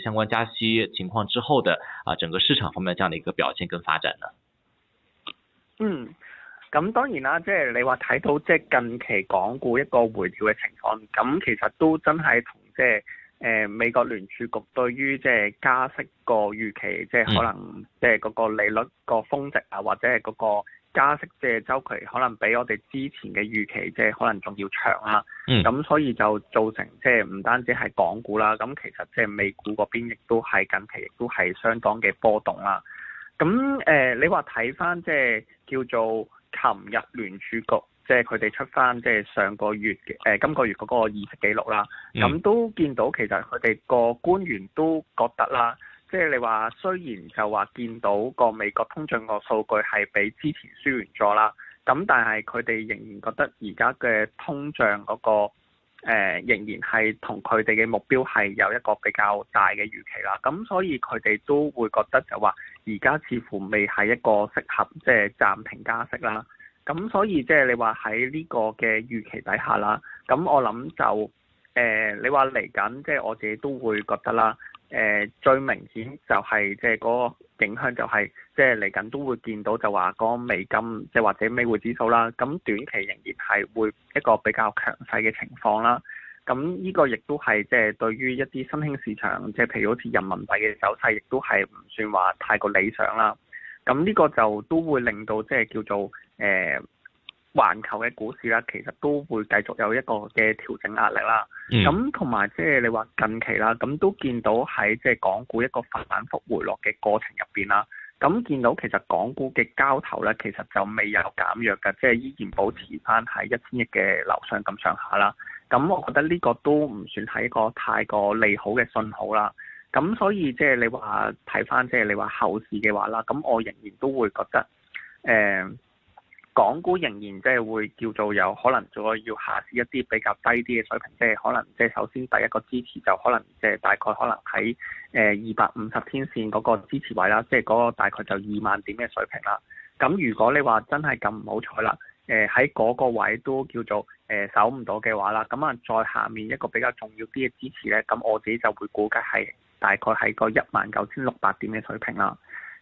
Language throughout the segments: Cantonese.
相關加息情況之後的啊，整個市場方面這樣的一個表現跟發展呢？嗯，咁當然啦，即係你話睇到即係近期港股一個回調嘅情況，咁其實都真係同即係誒美國聯儲局對於即係加息個預期，即係可能即係嗰個利率個峰值啊，或者係嗰個。加息嘅周期，可能比我哋之前嘅預期，即係可能仲要長啦。嗯，咁所以就造成即係唔單止係港股啦，咁其實即係美股嗰邊亦都係近期亦都係相當嘅波動啦。咁誒、呃，你話睇翻即係叫做琴日聯儲局，即係佢哋出翻即係上個月嘅誒、呃、今個月嗰個議息記錄啦。咁、嗯、都見到其實佢哋個官員都覺得啦。即係你話，雖然就話見到個美國通脹個數據係比之前輸完咗啦，咁但係佢哋仍然覺得而家嘅通脹嗰個、呃、仍然係同佢哋嘅目標係有一個比較大嘅預期啦。咁所以佢哋都會覺得就話，而家似乎未係一個適合即係暫停加息啦。咁所以即係你話喺呢個嘅預期底下啦，咁我諗就誒，你話嚟緊，即係我自己都會覺得啦。誒、呃、最明顯就係即係嗰個影響就係即係嚟緊都會見到就話嗰個美金即係、即係、或者美匯指數啦，咁短期仍然係會一個比較強勢嘅情況啦。咁呢個亦都係即係對於一啲新興市場，即、就、係、係、譬如好似人民幣嘅走勢，亦都係唔算話太過理想啦。咁呢個就都會令到即係叫做誒。呃環球嘅股市啦，其實都會繼續有一個嘅調整壓力啦。咁同埋即係你話近期啦，咁都見到喺即係港股一個反反覆回落嘅過程入邊啦。咁見到其實港股嘅交投咧，其實就未有減弱嘅，即係依然保持翻喺一千億嘅樓上咁上下啦。咁、嗯、我覺得呢個都唔算係一個太過利好嘅信號啦。咁、嗯、所以即係你話睇翻即係你話後市嘅話啦，咁我仍然都會覺得誒。呃港股仍然即係會叫做有可能再要下試一啲比較低啲嘅水平，即係可能即係首先第一個支持就可能即係大概可能喺誒二百五十天線嗰個支持位啦，即係嗰個大概就二萬點嘅水平啦。咁如果你話真係咁唔好彩啦，誒喺嗰個位都叫做誒守唔到嘅話啦，咁啊再下面一個比較重要啲嘅支持咧，咁我自己就會估計係大概喺個一萬九千六百點嘅水平啦。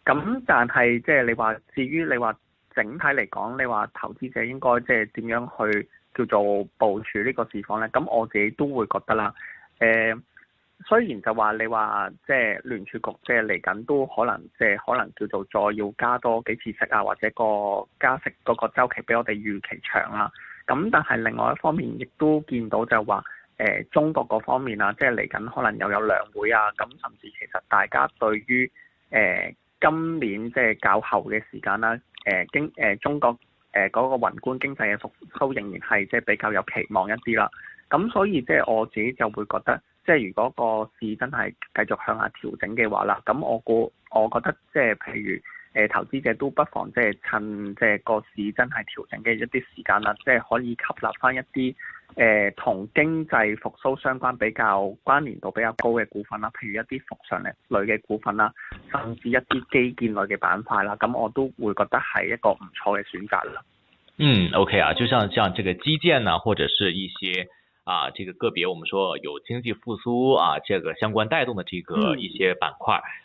咁但係即係你話至於你話。整體嚟講，你話投資者應該即係點樣去叫做部署呢個市況呢？咁我自己都會覺得啦。誒、呃，雖然就話你話即係聯儲局即係嚟緊都可能即係可能叫做再要加多幾次息啊，或者個加息嗰個週期比我哋預期長啦、啊。咁但係另外一方面，亦都見到就話誒、呃、中國嗰方面啊，即係嚟緊可能又有兩會啊。咁甚至其實大家對於誒、呃、今年即係較後嘅時間啦、啊。誒、呃、經誒、呃、中國誒嗰、呃那個宏觀經濟嘅復甦仍然係即係比較有期望一啲啦，咁所以即係、呃、我自己就會覺得，即、呃、係如果個市真係繼續向下調整嘅話啦，咁我估我覺得即係譬如誒、呃、投資者都不妨即係、呃、趁即係個市真係調整嘅一啲時間啦、呃，即係可以吸納翻一啲。誒同、呃、經濟復甦相關比較關聯度比較高嘅股份啦、啊，譬如一啲服上類嘅股份啦、啊，甚至一啲基建類嘅板塊啦、啊，咁我都會覺得係一個唔錯嘅選擇啦。嗯，OK 啊，就像像這個基建啊，或者是一些啊，這個個別，我們說有經濟復甦啊，這個相關帶動的這個一些板塊。嗯。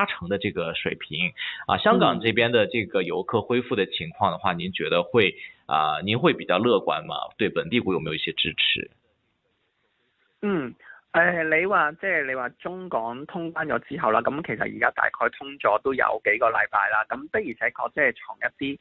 八成嘅，這個水平啊，香港這邊的這個遊客恢復的情況的話，您覺得會啊？您會比較樂觀嗎？對本地股有沒有一些支持？嗯，誒、呃，你話即係你話中港通關咗之後啦，咁、嗯、其實而家大概通咗都有幾個禮拜啦，咁的而且確，即係從一啲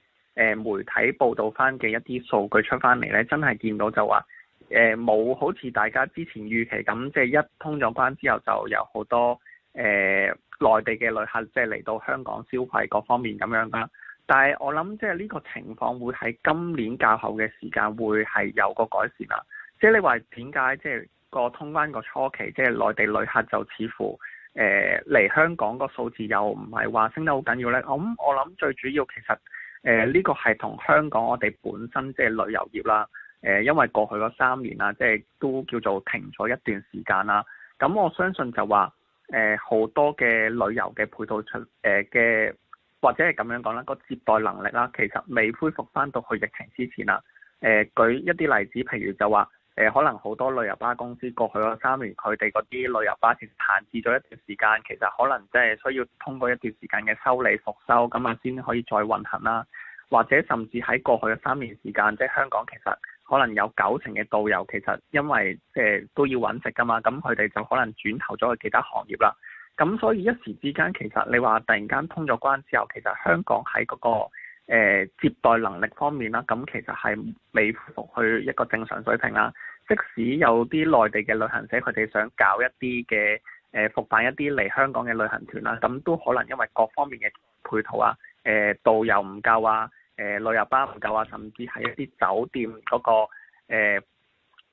誒媒體報道翻嘅一啲數據出翻嚟咧，真係見到就話誒冇好似大家之前預期咁，即係一通咗關之後就有好多。誒，內、呃、地嘅旅客即係嚟到香港消費各方面咁樣啦。但係我諗，即係呢個情況會喺今年較後嘅時間會係有個改善啦。即係你話點解即係個通關個初期，即係內地旅客就似乎誒嚟、呃、香港個數字又唔係話升得好緊要呢？嗯、我咁我諗最主要其實誒呢、呃這個係同香港我哋本身即係旅遊業啦。誒、呃，因為過去嗰三年啦，即係都叫做停咗一段時間啦。咁我相信就話。誒好、呃、多嘅旅遊嘅配套出誒嘅、呃，或者係咁樣講啦，個接待能力啦，其實未恢復翻到去疫情之前啦。誒、呃、舉一啲例子，譬如就話誒，可能好多旅遊巴公司過去三年，佢哋嗰啲旅遊巴士閒置咗一段時間，其實可能即係需要通過一段時間嘅修理復修，咁啊先可以再運行啦。或者甚至喺過去嘅三年時間，即係香港其實。可能有九成嘅導遊其實因為即係、呃、都要揾食㗎嘛，咁佢哋就可能轉投咗去其他行業啦。咁所以一時之間其實你話突然間通咗關之後，其實香港喺嗰、嗰個、呃、接待能力方面啦，咁、啊、其實係未去一個正常水平啦、啊。即使有啲內地嘅旅行社，佢哋想搞一啲嘅誒復辦一啲嚟香港嘅旅行團啦，咁、啊、都可能因為各方面嘅配套、呃、啊、誒導遊唔夠啊。誒、呃、旅遊巴唔夠啊，甚至係一啲酒店嗰、那個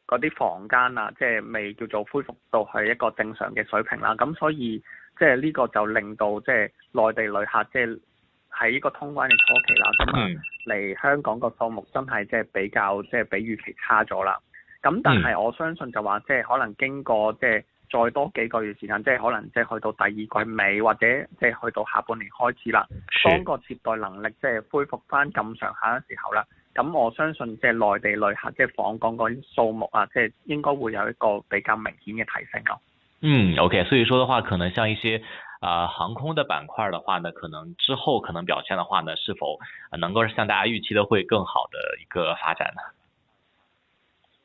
嗰啲、呃、房間啊，即係未叫做恢復到去一個正常嘅水平啦。咁所以即係呢個就令到即係內地旅客即係喺呢個通關嘅初期啦，咁嚟香港個數目真係即係比較即係比預期差咗啦。咁但係我相信就話即係可能經過即係。再多幾個月時間，即係可能即係去到第二季尾，或者即係去到下半年開始啦。是當個接待能力即係恢復翻咁上下嘅時候啦，咁我相信即係內地旅客即係訪港啲數目啊，即係應該會有一個比較明顯嘅提升咯。嗯，OK，所以說的話，可能像一些啊、呃、航空的板塊的話呢，可能之後可能表現的話呢，是否能夠向大家預期的會更好的一個發展呢？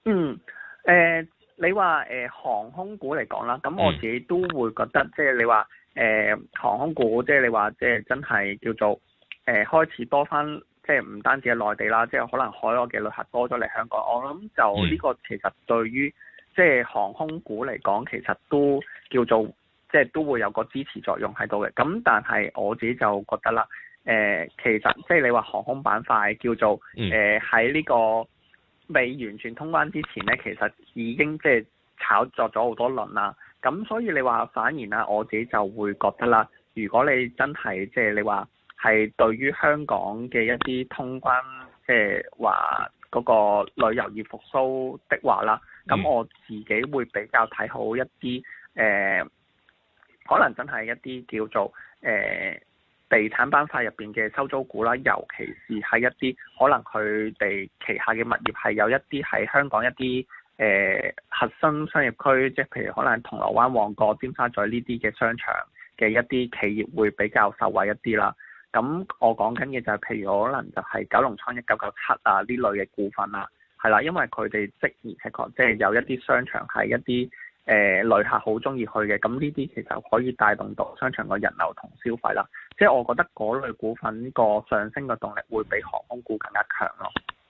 嗯，誒、呃。你話誒、呃、航空股嚟講啦，咁我自己都會覺得，即係你話誒、呃、航空股，即係你話即係真係叫做誒、呃、開始多返，即係唔單止係內地啦，即係可能海外嘅旅客多咗嚟香港，我諗就呢個其實對於即係航空股嚟講，其實都叫做即係都會有個支持作用喺度嘅。咁但係我自己就覺得啦，誒、呃、其實即係你話航空板塊叫做誒喺呢個。未完全通關之前呢，其實已經即係炒作咗好多輪啦。咁所以你話反而啦，我自己就會覺得啦。如果你真係即係你話係對於香港嘅一啲通關，即係話嗰個旅遊業復甦的話啦，咁我自己會比較睇好一啲誒、呃，可能真係一啲叫做誒、呃地產板塊入邊嘅收租股啦，尤其是係一啲可能佢哋旗下嘅物業係有一啲喺香港一啲誒、呃、核心商業區，即係譬如可能係銅鑼灣、旺角、尖沙咀呢啲嘅商場嘅一啲企業會比較受惠一啲啦。咁我講緊嘅就係譬如可能就係九龍倉一九九七啊呢類嘅股份啦、啊，係啦，因為佢哋職業係講即係有一啲商場係一啲。誒、呃、旅客好鍾意去嘅，咁呢啲其實可以帶動到商場嘅人流同消費啦，即係我覺得嗰類股份個上升嘅動力會比航空股更加強咯。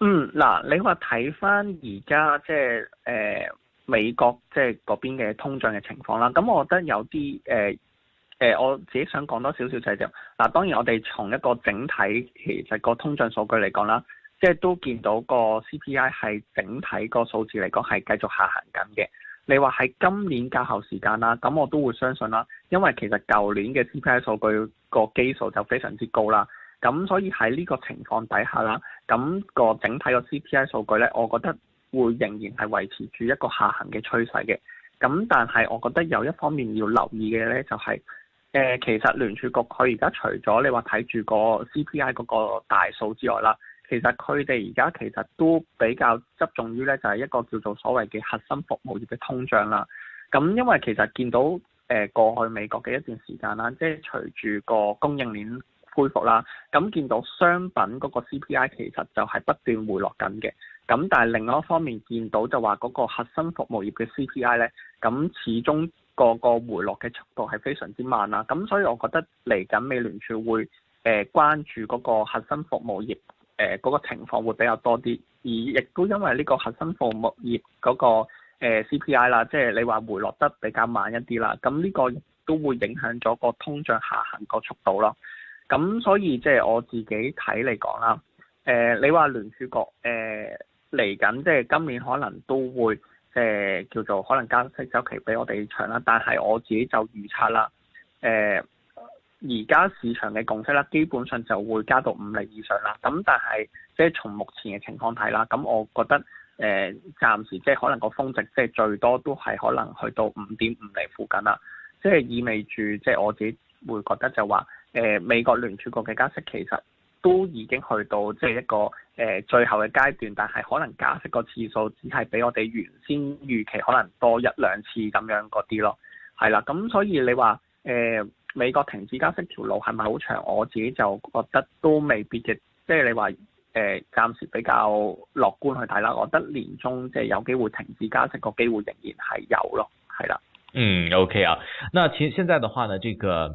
嗯，嗱，你話睇翻而家即係誒、呃、美國即係嗰邊嘅通脹嘅情況啦，咁我覺得有啲誒誒，我自己想講多少少就係就。嗱，當然我哋從一個整體其實個通脹數據嚟講啦，即係都見到個 CPI 係整體個數字嚟講係繼續下行緊嘅。你話喺今年較後時間啦，咁我都會相信啦，因為其實舊年嘅 CPI 數據個基數就非常之高啦。咁所以喺呢個情況底下啦，咁、那個整體個 CPI 數據呢，我覺得會仍然係維持住一個下行嘅趨勢嘅。咁但係我覺得有一方面要留意嘅呢、就是，就係誒其實聯儲局佢而家除咗你話睇住個 CPI 嗰個大數之外啦，其實佢哋而家其實都比較側重於呢，就係一個叫做所謂嘅核心服務業嘅通脹啦。咁因為其實見到誒、呃、過去美國嘅一段時間啦，即係隨住個供應鏈。恢復啦，咁、嗯、見到商品嗰個 CPI 其實就係不斷回落緊嘅。咁、嗯、但係另外一方面見到就話嗰個核心服務業嘅 CPI 呢，咁、嗯、始終個個回落嘅速度係非常之慢啦。咁、嗯、所以我覺得嚟緊美聯儲會誒、呃、關注嗰個核心服務業誒嗰個情況會比較多啲，而亦都因為呢個核心服務業嗰、那個、呃、CPI 啦，即係你話回落得比較慢一啲啦。咁、嗯、呢、這個都會影響咗個通脹下行個速度咯。咁所以即係、就是、我自己睇嚟講啦，誒、呃，你話聯儲局誒嚟緊，即係今年可能都會誒叫做可能加息周期比我哋長啦。但係我自己就預測啦，誒、呃，而家市場嘅共識啦，基本上就會加到五厘以上啦。咁但係即係從目前嘅情況睇啦，咁我覺得誒、呃、暫時即係可能個峰值即係最多都係可能去到五點五厘附近啦。即係意味住即係我自己會覺得就話。誒、呃、美國聯儲局嘅加息其實都已經去到即係一個誒、呃、最後嘅階段，但係可能加息個次數只係比我哋原先預期可能多一兩次咁樣嗰啲咯，係啦。咁所以你話誒、呃、美國停止加息條路係咪好長？我自己就覺得都未必嘅，即係你話誒、呃、暫時比較樂觀去睇啦。我覺得年中即係有機會停止加息個機會仍然係有咯，係啦。嗯，OK 啊，那其實現在的話呢，這個。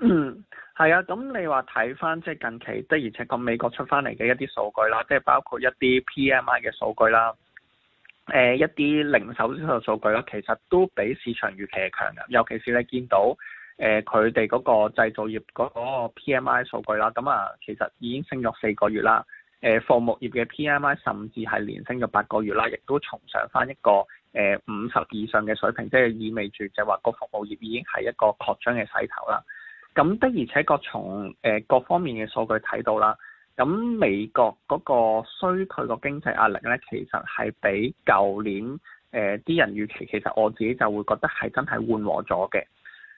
嗯，係啊，咁你話睇翻即係近期的，而且咁美國出翻嚟嘅一啲數據啦，即係包括一啲 PMI 嘅數據啦，誒、呃、一啲零售銷售數據啦，其實都比市場預期係強嘅。尤其是你見到誒佢哋嗰個製造業嗰個 PMI 數據啦，咁啊，其實已經升咗四個月啦。誒、呃、服務業嘅 PMI 甚至係連升咗八個月啦，亦都重上翻一個誒五十以上嘅水平，即係意味住就話個服務業已經係一個擴張嘅勢頭啦。咁的而且確從誒各方面嘅數據睇到啦，咁美國嗰個衰退個經濟壓力咧，其實係比舊年誒啲、呃、人預期，其實我自己就會覺得係真係緩和咗嘅。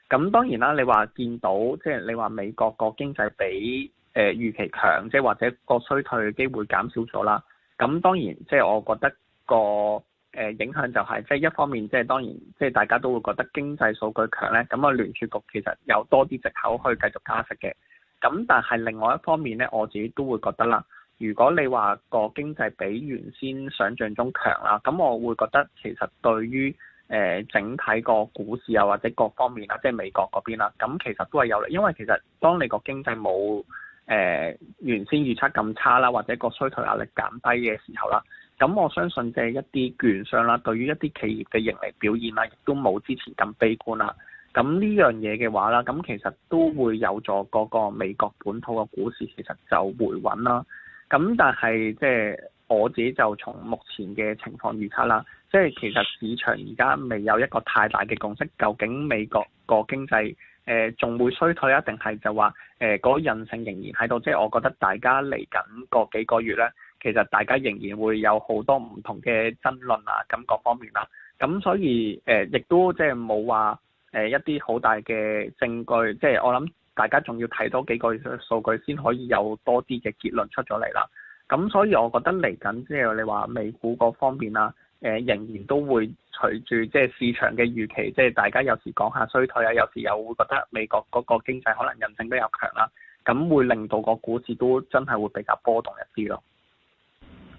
咁當然啦，你話見到即係你話美國個經濟比誒、呃、預期強，即係或者個衰退嘅機會減少咗啦。咁當然即係我覺得、個。誒影響就係，即係一方面即係當然，即係大家都會覺得經濟數據強咧，咁啊聯儲局其實有多啲藉口去繼續加息嘅。咁但係另外一方面咧，我自己都會覺得啦，如果你話個經濟比原先想像中強啦，咁我會覺得其實對於誒整體個股市啊或者各方面啦，即係美國嗰邊啦，咁其實都係有利，因為其實當你個經濟冇誒、呃、原先預測咁差啦，或者個需求壓力減低嘅時候啦。咁我相信即係一啲券商啦，對於一啲企業嘅盈利表現啦，亦都冇之前咁悲觀啦。咁呢樣嘢嘅話啦，咁其實都會有助嗰個美國本土嘅股市，其實就回穩啦。咁但係即係我自己就從目前嘅情況預測啦，即係其實市場而家未有一個太大嘅共識，究竟美國個經濟誒仲會衰退啊，定係就話誒嗰韌性仍然喺度？即係我覺得大家嚟緊個幾個月咧。其實大家仍然會有好多唔同嘅爭論啊，咁各方面啦，咁所以誒，亦都即係冇話誒一啲好大嘅證據，即係我諗大家仲要睇多幾個數據先可以有多啲嘅結論出咗嚟啦。咁所以我覺得嚟緊，即係你話美股嗰方面啊，誒仍然都會隨住即係市場嘅預期，即係大家有時講下衰退啊，有時又會覺得美國嗰個經濟可能韌性比較強啦，咁會令到個股市都真係會比較波動一啲咯。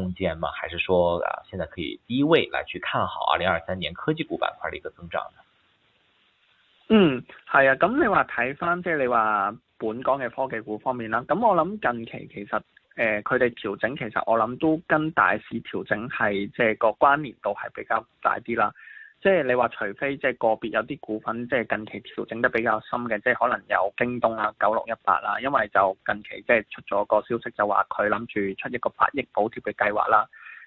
空間嘛，還是說啊，現在可以低位來去看好二零二三年科技股板塊的一個增長呢？嗯，係啊，咁你話睇返即係你話本港嘅科技股方面啦，咁我諗近期其實誒佢哋調整，其實我諗都跟大市調整係即係個關聯度係比較大啲啦。即係你話，除非即係個別有啲股份，即係近期調整得比較深嘅，即係可能有京東啊、九六一八啦，因為就近期即係出咗個消息，就話佢諗住出一個百億補貼嘅計劃啦。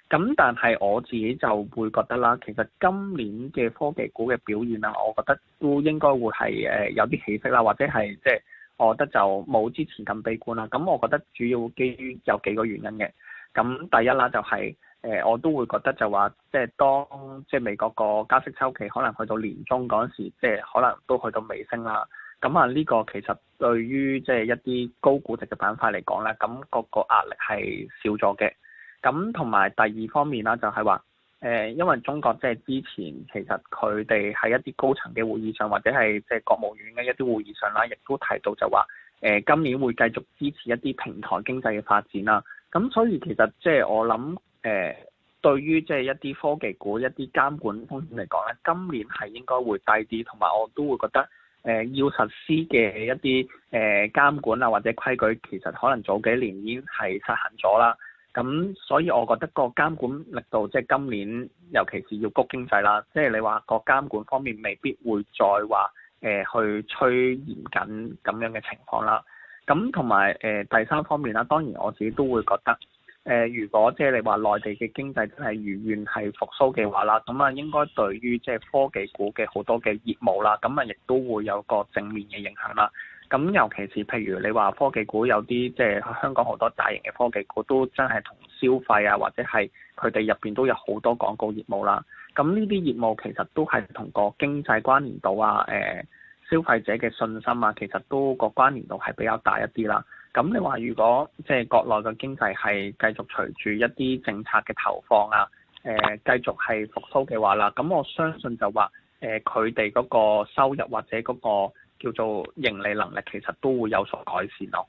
咁但係我自己就會覺得啦，其實今年嘅科技股嘅表現啊，我覺得都應該會係誒有啲起色啦，或者係即係我覺得就冇之前咁悲觀啦。咁我覺得主要基於有幾個原因嘅。咁第一啦，就係，就係。誒、呃、我都會覺得就話，即係當即係美國個加息周期可能去到年中嗰陣時，即係可能都去到尾聲啦。咁啊，呢個其實對於即係一啲高估值嘅板塊嚟講咧，咁個個壓力係少咗嘅。咁同埋第二方面啦，就係話誒，因為中國即係之前其實佢哋喺一啲高層嘅會議上，或者係即係國務院嘅一啲會議上啦，亦都提到就話誒、呃，今年會繼續支持一啲平台經濟嘅發展啦。咁所以其實即係我諗。誒、呃、對於即係一啲科技股一啲監管風險嚟講咧，今年係應該會低啲，同埋我都會覺得誒、呃、要實施嘅一啲誒、呃、監管啊或者規矩，其實可能早幾年已經係實行咗啦。咁所以我覺得個監管力度即係、就是、今年，尤其是要谷經濟啦，即係你話個監管方面未必會再話誒、呃、去催嚴緊咁樣嘅情況啦。咁同埋誒第三方面啦，當然我自己都會覺得。誒、呃，如果即係你話內地嘅經濟真係如願係復甦嘅話啦，咁啊應該對於即係科技股嘅好多嘅業務啦，咁啊亦都會有個正面嘅影響啦。咁尤其是譬如你話科技股有啲即係香港好多大型嘅科技股都真係同消費啊，或者係佢哋入邊都有好多廣告業務啦。咁呢啲業務其實都係同個經濟關聯度啊，誒、呃、消費者嘅信心啊，其實都個關聯度係比較大一啲啦。咁你話如果即係國內嘅經濟係繼續隨住一啲政策嘅投放啊，誒、呃、繼續係復甦嘅話啦，咁我相信就話誒佢哋嗰個收入或者嗰個叫做盈利能力其實都會有所改善咯、啊。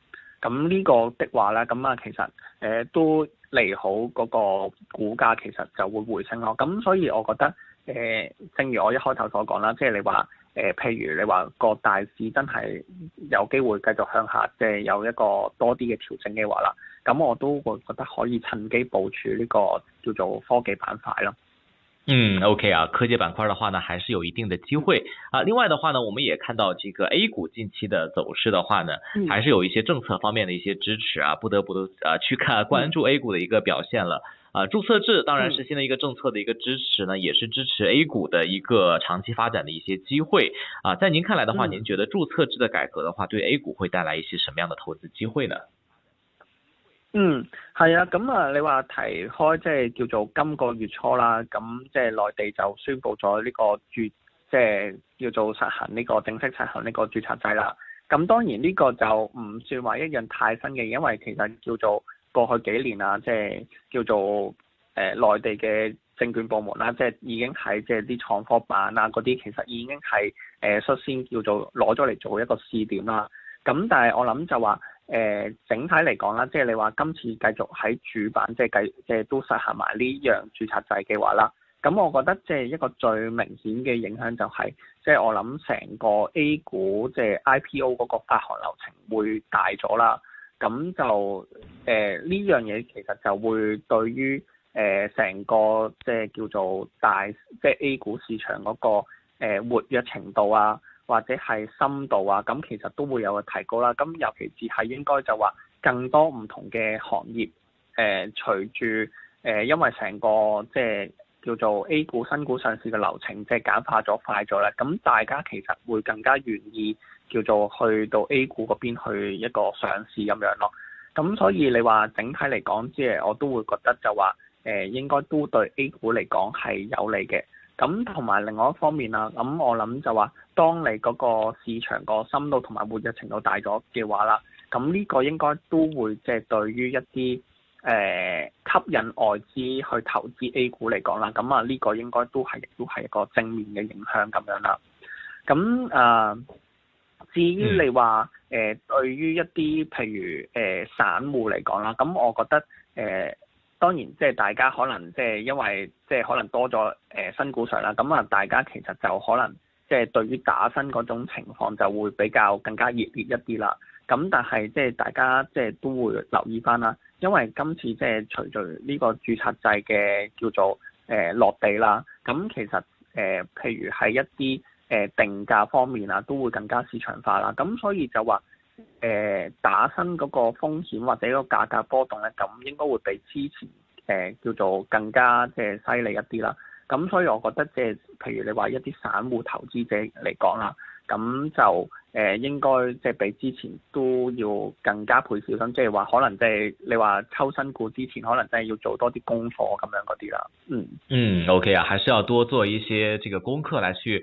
咁呢個的話咧，咁啊其實誒、呃、都利好嗰個股價其實就會回升咯、啊。咁所以我覺得誒、呃，正如我一開頭所講啦，即、就、係、是、你話。誒、呃，譬如你話個大市真係有機會繼續向下，即係有一個多啲嘅調整嘅話啦，咁我都會覺得可以趁機部署呢個叫做科技板塊咯。嗯，OK 啊，科技板塊的話呢，還是有一定的機會啊。另外的話呢，我們也看到這個 A 股近期的走勢的話呢，還是有一些政策方面的一些支持啊，不得不得啊去看關注 A 股嘅一個表現啦。啊，註冊制當然是新的一個政策的一個支持呢，嗯、也是支持 A 股的一個長期發展的一些機會啊。在您看來的話，嗯、您覺得註冊制的改革的話，對 A 股會帶來一些什麼樣的投資機會呢？嗯，係啊，咁啊，你話提開即係叫做今個月初啦，咁即係內地就宣布咗呢個注，即係叫做實行呢個正式實行呢個註冊制啦。咁當然呢個就唔算話一樣太新嘅，因為其實叫做。過去幾年啊，即係叫做誒內、呃、地嘅證券部門啦，即係已經喺即係啲創科板啊嗰啲，其實已經係誒率先叫做攞咗嚟做一個試點啦。咁但係我諗就話誒、呃、整體嚟講啦，即係你話今次繼續喺主板即係繼即係都實行埋呢樣註冊制嘅話啦，咁我覺得即係一個最明顯嘅影響就係、是、即係我諗成個 A 股即係 IPO 嗰個發行流程會大咗啦。咁就誒呢、呃、樣嘢其實就會對於誒成、呃、個即係叫做大即係、就是、A 股市場嗰、那個、呃、活躍程度啊，或者係深度啊，咁其實都會有個提高啦。咁尤其是係應該就話更多唔同嘅行業誒、呃，隨住誒、呃、因為成個即、就、係、是。叫做 A 股新股上市嘅流程，即係簡化咗、快咗啦。咁大家其實會更加願意叫做去到 A 股嗰邊去一個上市咁樣咯。咁所以你話整體嚟講，即係我都會覺得就話誒應該都對 A 股嚟講係有利嘅。咁同埋另外一方面啊，咁我諗就話當你嗰個市場個深度同埋活躍程度大咗嘅話啦，咁呢個應該都會即係對於一啲。誒吸引外資去投資 A 股嚟講啦，咁啊呢個應該都係都係一個正面嘅影響咁樣啦。咁誒、呃，至於你話誒、呃、對於一啲譬如誒散、呃、戶嚟講啦，咁我覺得誒、呃、當然即係大家可能即係因為即係可能多咗誒新股上啦，咁啊大家其實就可能即係對於打新嗰種情況就會比較更加熱烈一啲啦。咁但係即係大家即係都會留意翻啦，因為今次即係隨住呢個註冊制嘅叫做誒落地啦，咁其實誒譬如喺一啲誒定價方面啊，都會更加市場化啦，咁所以就話誒打新嗰個風險或者個價格波動咧，咁應該會比之前誒叫做更加即係犀利一啲啦。咁所以我覺得即係譬如你話一啲散戶投資者嚟講啦，咁就。誒、呃、應該即係比之前都要更加倍小心，即係話，可能即係你話抽新股之前，可能真係要做多啲功課咁樣嗰啲啦。嗯嗯，OK 啊，還是要多做一些這個功課來去。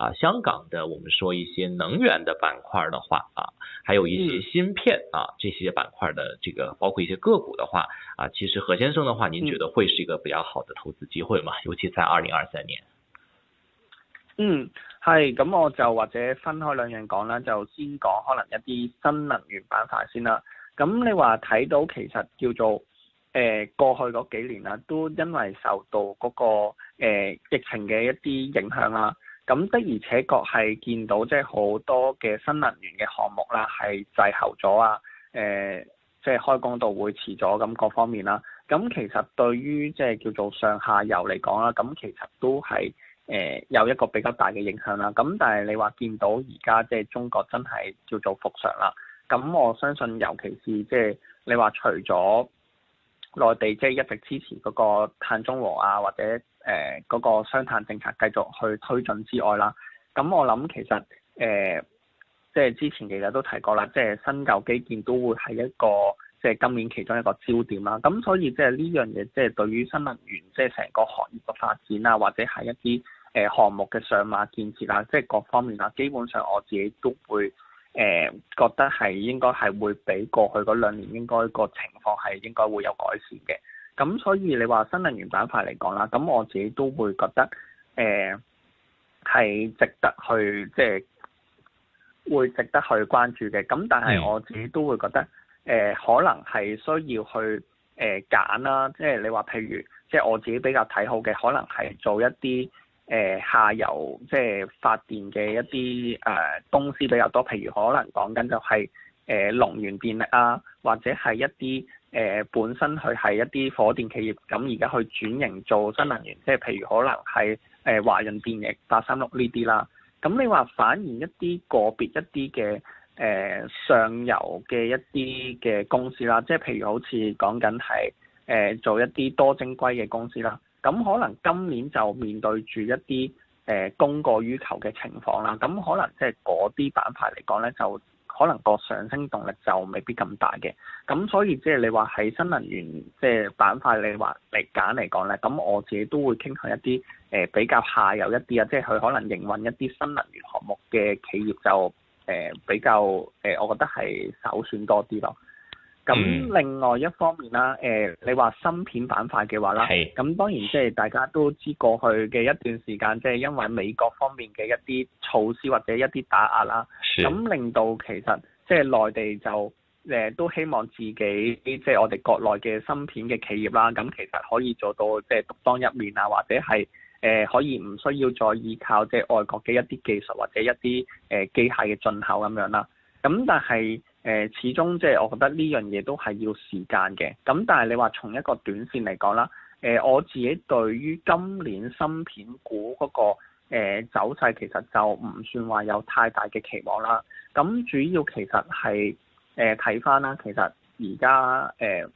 啊，香港的我們說一些能源的板塊的話，啊，還有一些芯片啊，這些板塊的這個包括一些個股的話，啊，其實何先生的話，您覺得會是一個比較好的投資機會嗎？嗯、尤其在二零二三年。嗯，係，咁我就或者分開兩樣講啦，就先講可能一啲新能源板塊先啦。咁你話睇到其實叫做誒、呃、過去嗰幾年啦、啊，都因為受到嗰、那個誒、呃、疫情嘅一啲影響啦、啊。咁的而且確係見到即係好多嘅新能源嘅項目啦，係滯後咗啊！誒，即係開工到會遲咗咁各方面啦。咁、啊、其實對於即係叫做上下游嚟講啦，咁、啊、其實都係誒、呃、有一個比較大嘅影響啦。咁、啊、但係你話見到而家即係中國真係叫做復常啦，咁、啊、我相信尤其是即係你話除咗。內地即係一直支持嗰個碳中和啊，或者誒嗰個雙碳政策繼續去推進之外啦，咁我諗其實誒即係之前其實都提過啦，即係新舊基建都會係一個即係今年其中一個焦點啦，咁所以即係呢樣嘢即係對於新能源即係成個行業嘅發展啊，或者係一啲誒項目嘅上馬建設啊，即係各方面啊，基本上我自己都會。誒、呃、覺得係應該係會比過去嗰兩年應該個情況係應該會有改善嘅，咁所以你話新能源板塊嚟講啦，咁我自己都會覺得誒係、呃、值得去即係會值得去關注嘅，咁但係我自己都會覺得誒、呃、可能係需要去誒揀啦，即係你話譬如即係我自己比較睇好嘅，可能係做一啲。誒、呃、下游即係發電嘅一啲誒、呃、公司比較多，譬如可能講緊就係誒龍源電力啊，或者係一啲誒、呃、本身佢係一啲火電企業，咁而家去轉型做新能源，即係譬如可能係誒、呃、華潤電力、八三六呢啲啦。咁、嗯、你話反而一啲個別一啲嘅誒上游嘅一啲嘅公司啦，即係譬如好似講緊係誒做一啲多晶硅嘅公司啦。咁可能今年就面對住一啲誒供過於求嘅情況啦，咁可能即係嗰啲板塊嚟講呢，就可能個上升動力就未必咁大嘅，咁所以即係你話喺新能源即係、就是、板塊，你話嚟揀嚟講呢，咁我自己都會傾向一啲誒、呃、比較下游一啲啊、呃，即係佢可能營運一啲新能源項目嘅企業就誒、呃、比較誒、呃，我覺得係首選多啲咯。咁、嗯、另外一方面啦，誒、呃、你話芯片板塊嘅話啦，咁是當然即係大家都知過去嘅一段時間，即係因為美國方面嘅一啲措施或者一啲打壓啦，咁令到其實即係內地就誒、呃、都希望自己即係我哋國內嘅芯片嘅企業啦，咁其實可以做到即係獨當一面啊，或者係誒、呃、可以唔需要再依靠即係外國嘅一啲技術或者一啲誒機械嘅進口咁樣啦，咁但係。誒，始終即係我覺得呢樣嘢都係要時間嘅。咁但係你話從一個短線嚟講啦，誒，我自己對於今年芯片股嗰個走勢其實就唔算話有太大嘅期望啦。咁主要其實係誒睇翻啦，呃、其實而家誒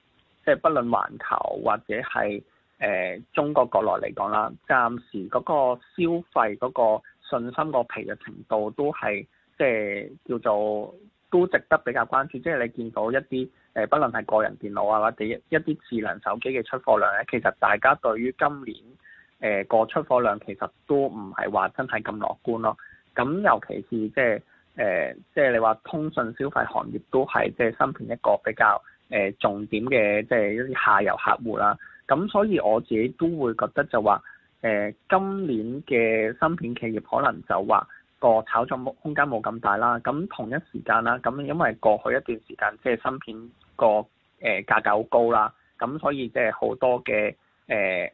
即係不論環球或者係誒、呃、中國國內嚟講啦，暫時嗰個消費嗰個信心個疲弱程度都係即係叫做。都值得比較關注，即係你見到一啲誒，不論係個人電腦啊，或者一啲智能手機嘅出貨量咧，其實大家對於今年誒個、呃、出貨量其實都唔係話真係咁樂觀咯。咁尤其是即係誒，即係你話通訊消費行業都係即係芯片一個比較誒、呃、重點嘅即係一啲下游客戶啦。咁所以我自己都會覺得就話誒、呃，今年嘅芯片企業可能就話。個炒作空間冇咁大啦。咁同一時間啦，咁因為過去一段時間即係芯片個誒價格好高啦，咁所以即係好多嘅誒、呃、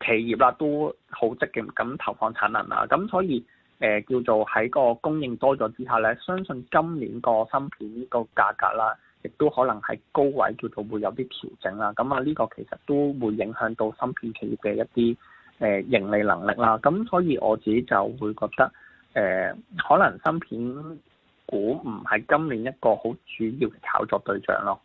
企業啦都好積極咁投放產能啦。咁所以誒、呃、叫做喺個供應多咗之下呢，相信今年個芯片呢個價格啦，亦都可能係高位叫做會有啲調整啦。咁啊，呢個其實都會影響到芯片企業嘅一啲誒、呃、盈利能力啦。咁所以我自己就會覺得。誒、呃，可能芯片股唔係今年一個好主要嘅炒作對象咯。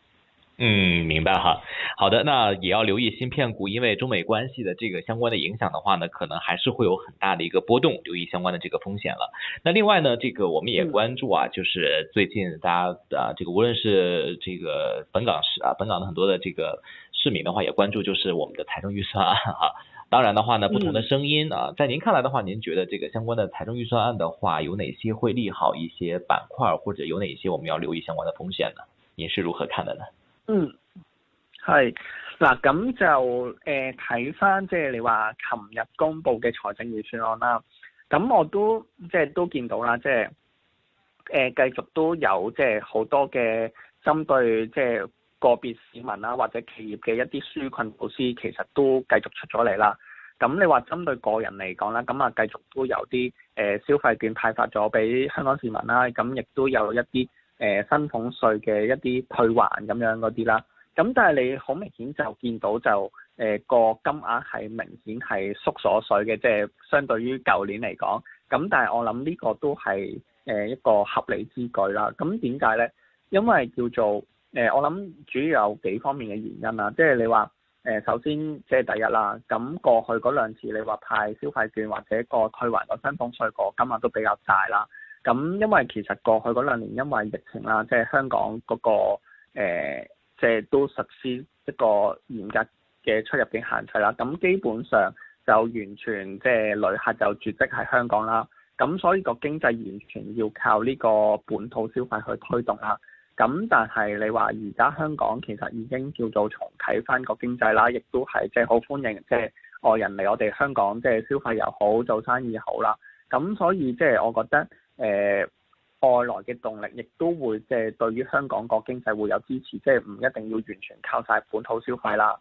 嗯，明白哈。好的，那也要留意芯片股，因為中美關係的這個相關的影響的話呢，可能還是會有很大的一個波動，留意相關的這個風險了。那另外呢，這個我們也關注啊，就是最近大家啊，這個無論是這個本港市啊，本港的很多的這個市民的話，也關注就是我們的財政預算案啊。啊當然的話呢，不同的聲音、嗯、啊，在您看來的話，您覺得這個相關的財政預算案的話，有哪些會利好一些板塊，或者有哪些我們要留意相關的風險呢？您是如何看的呢？嗯，係嗱，咁就誒睇返即係你話琴日公布嘅財政預算案啦，咁我都即係、就是、都見到啦，即係誒繼續都有即係好多嘅針對即係。就是個別市民啦，或者企業嘅一啲紓困措施，其實都繼續出咗嚟啦。咁你話針對個人嚟講啦，咁啊繼續都有啲誒消費券派發咗俾香港市民啦，咁亦都有一啲誒、呃、薪俸稅嘅一啲退還咁樣嗰啲啦。咁但係你好明顯就見到就誒個、呃、金額係明顯係縮咗水嘅，即係相對於舊年嚟講。咁但係我諗呢個都係誒一個合理之舉啦。咁點解呢？因為叫做。誒、呃，我諗主要有幾方面嘅原因啦，即係你話誒、呃，首先即係第一啦。咁過去嗰兩次你話派消費券或者個退還個薪俸稅，個金額都比較大啦。咁因為其實過去嗰兩年因為疫情啦，即係香港嗰、那個、呃、即係都實施一個嚴格嘅出入境限制啦。咁基本上就完全即係旅客就絕跡喺香港啦。咁所以個經濟完全要靠呢個本土消費去推動啦。咁但係你話而家香港其實已經叫做重啟翻個經濟啦，亦都係即係好歡迎即係外人嚟我哋香港即係消費又好，做生意又好啦。咁所以即係我覺得誒、呃、外來嘅動力，亦都會即係對於香港個經濟會有支持，即係唔一定要完全靠晒本土消費啦。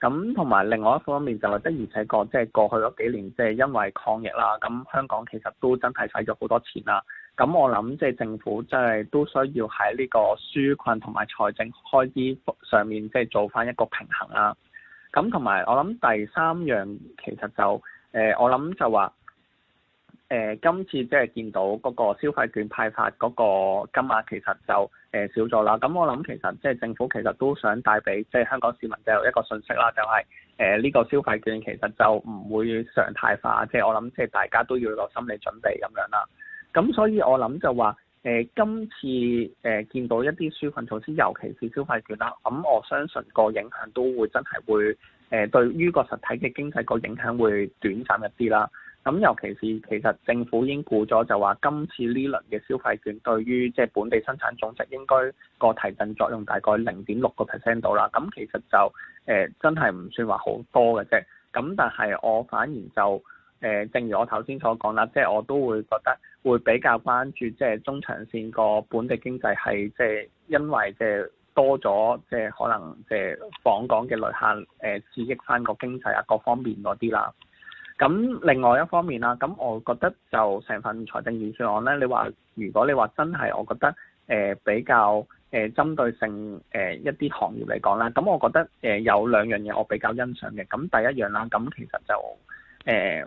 咁同埋另外一方面就係的而且確，即係過去嗰幾年即係因為抗疫啦，咁香港其實都真係使咗好多錢啦。咁我諗即係政府真係都需要喺呢個紓困同埋財政開支上面即係做翻一個平衡啦、啊。咁同埋我諗第三樣其實就誒、呃、我諗就話誒、呃、今次即係見到嗰個消費券派發嗰個金額其實就誒、呃、少咗啦。咁我諗其實即係政府其實都想帶俾即係香港市民就有一個信息啦，就係誒呢個消費券其實就唔會常態化，即、就、係、是、我諗即係大家都要有心理準備咁樣啦。咁所以我諗就話，誒、呃、今次誒、呃、見到一啲紓困措施，尤其是消費券啦，咁、嗯、我相信個影響都會真係會誒、呃、對於個實體嘅經濟個影響會短暫一啲啦。咁、嗯、尤其是其實政府已經估咗就話，今次呢輪嘅消費券對於即係本地生產總值應該個提振作用大概零點六個 percent 度啦。咁、嗯、其實就誒、呃、真係唔算話好多嘅啫。咁但係我反而就。誒、呃，正如我頭先所講啦，即係我都會覺得會比較關注，即係中長線個本地經濟係，即係因為即係多咗，即係可能即係訪港嘅旅客誒，刺激翻個經濟啊，各方面嗰啲啦。咁另外一方面啦，咁我覺得就成份財政預算案咧，你話如果你話真係，我覺得誒、呃、比較誒針、呃、對性誒、呃、一啲行業嚟講啦，咁我覺得誒、呃、有兩樣嘢我比較欣賞嘅。咁第一樣啦，咁其實就誒。呃呃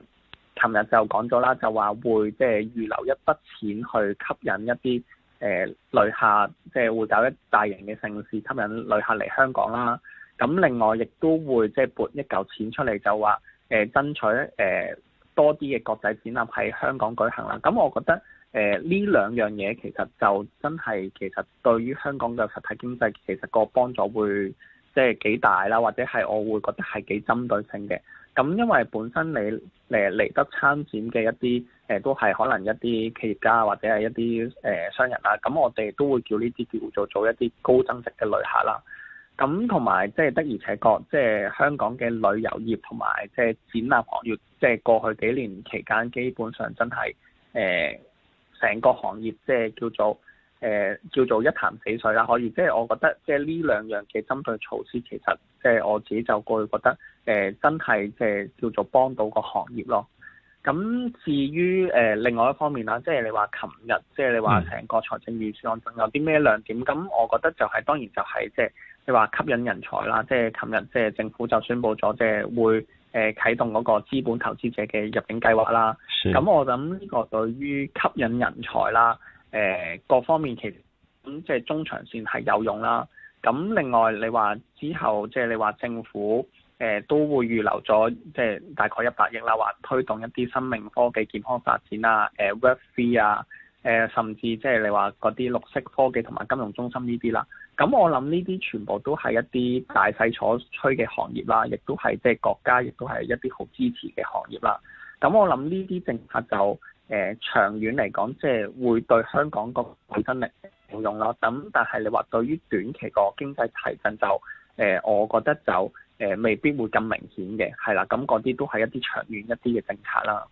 琴日就講咗啦，就話會即係預留一筆錢去吸引一啲誒旅客，即、呃、係、就是、會搞一大型嘅盛事，吸引旅客嚟香港啦。咁另外亦都會即係撥一嚿錢出嚟，就話誒爭取誒、呃、多啲嘅國際展覽喺香港舉行啦。咁、嗯、我覺得誒呢、呃、兩樣嘢其實就真係其實對於香港嘅實體經濟其實個幫助會，即係幾大啦，或者係我會覺得係幾針對性嘅。咁因為本身你誒嚟得參展嘅一啲誒、呃、都係可能一啲企業家或者係一啲誒、呃、商人啦。咁、啊、我哋都會叫呢啲叫做做一啲高增值嘅旅客啦。咁同埋即係的而且確，即、就、係、是、香港嘅旅遊業同埋即係展覽行業，即、就、係、是、過去幾年期間基本上真係誒成個行業即係叫做。誒叫做一潭死水啦，可以，即係我覺得，即係呢兩樣嘅針對措施，其實即係我自己就個人覺得，誒、呃、真係即係叫做幫到個行業咯。咁至於誒、呃、另外一方面啦，即係你話琴日，即係你話成個財政預算案仲有啲咩亮點？咁我覺得就係、是、當然就係、是、即係你話吸引人才啦，即係琴日即係政府就宣布咗即係會誒、呃、啟動嗰個資本投資者嘅入境計劃啦。咁是我諗呢個對於吸引人才啦。誒各方面其實咁即係中長線係有用啦。咁另外你話之後即係、就是、你話政府誒、欸、都會預留咗即係大概一百億啦，話推動一啲生命科技健康發展啊、誒、欸、Web Three 啊、誒、欸、甚至即係你話嗰啲綠色科技同埋金融中心呢啲啦。咁我諗呢啲全部都係一啲大勢所趨嘅行業啦，亦都係即係國家亦都係一啲好支持嘅行業啦。咁我諗呢啲政策就。誒、呃、長遠嚟講，即係會對香港個競爭力冇用咯。咁但係你話對於短期個經濟提振就誒、呃，我覺得就誒、呃、未必會咁明顯嘅，係啦。咁嗰啲都係一啲長遠一啲嘅政策啦。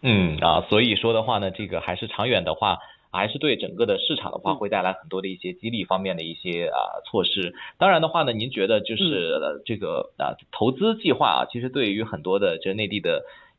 嗯啊，所以說的話呢，這個還是長遠的話，還是對整個的市場的話，會帶來很多的一些激勵方面的一些啊措施。當然的話呢，您覺得就是這個啊投資計劃啊，其實對於很多的就是、內地的。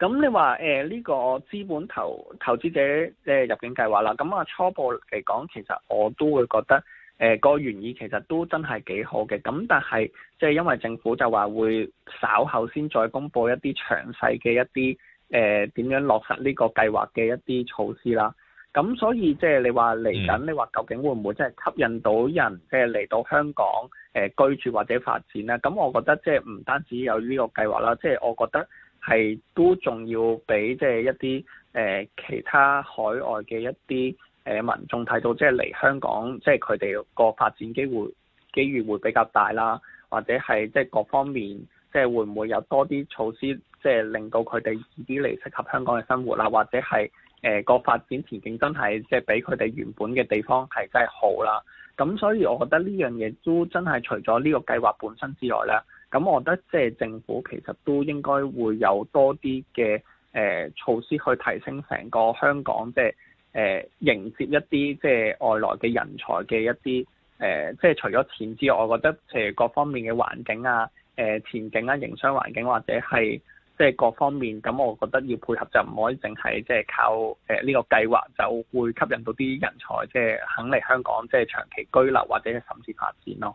咁你話誒呢個資本投投資者誒、呃、入境計劃啦，咁、嗯、啊初步嚟講，其實我都會覺得誒個、呃、原意其實都真係幾好嘅。咁但係即係因為政府就話會稍後先再公布一啲詳細嘅一啲誒點樣落實呢個計劃嘅一啲措施啦。咁、嗯、所以即係、就是、你話嚟緊，嗯、你話究竟會唔會即係吸引到人即係嚟到香港誒、呃、居住或者發展咧？咁我覺得即係唔單止有呢個計劃啦，即係我覺得。就是係都仲要俾即係一啲誒、呃、其他海外嘅一啲誒、呃、民眾睇到，即係嚟香港，即係佢哋個發展機會機遇會比較大啦，或者係即係各方面，即係會唔會有多啲措施，即係令到佢哋易啲嚟適合香港嘅生活啦，或者係誒個發展前景真係即係比佢哋原本嘅地方係真係好啦。咁所以我覺得呢樣嘢都真係除咗呢個計劃本身之外咧。咁我覺得即係政府其實都應該會有多啲嘅誒措施去提升成個香港，即係，即係誒迎接一啲即係外來嘅人才嘅一啲誒，即、呃、係、即係、除咗錢之外，我覺得誒各方面嘅環境啊、誒、呃、前景啊、營商環境或者係即係各方面，咁我覺得要配合就唔可以淨係即係靠誒呢個計劃就會吸引到啲人才，即係肯嚟香港即係長期居留或者甚至發展咯。